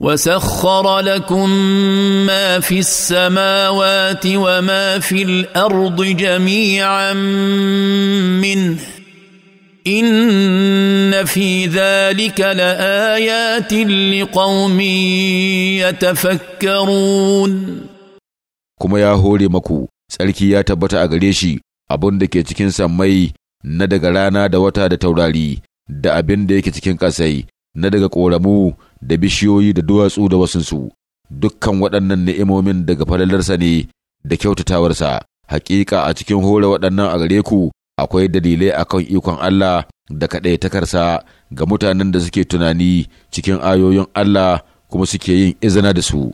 wa لكم ما في السماوات وما في الارض جميعا منه ان في ذلك لايات لقوم يتفكرون kuma ya hore maku tsarki ya tabbata a gare shi abin da ke cikin sammai na daga rana da wata da taurari da abin da yake cikin ƙasai na daga ƙoramu da bishiyoyi da duwatsu da wasunsu, dukkan waɗannan ni'imomin daga falalarsa ne da kyautatawarsa, hakika a cikin hore waɗannan a gare ku akwai dalilai akan ikon Allah da kaɗaitakarsa ga mutanen da suke tunani cikin ayoyin Allah kuma suke yin izina da su.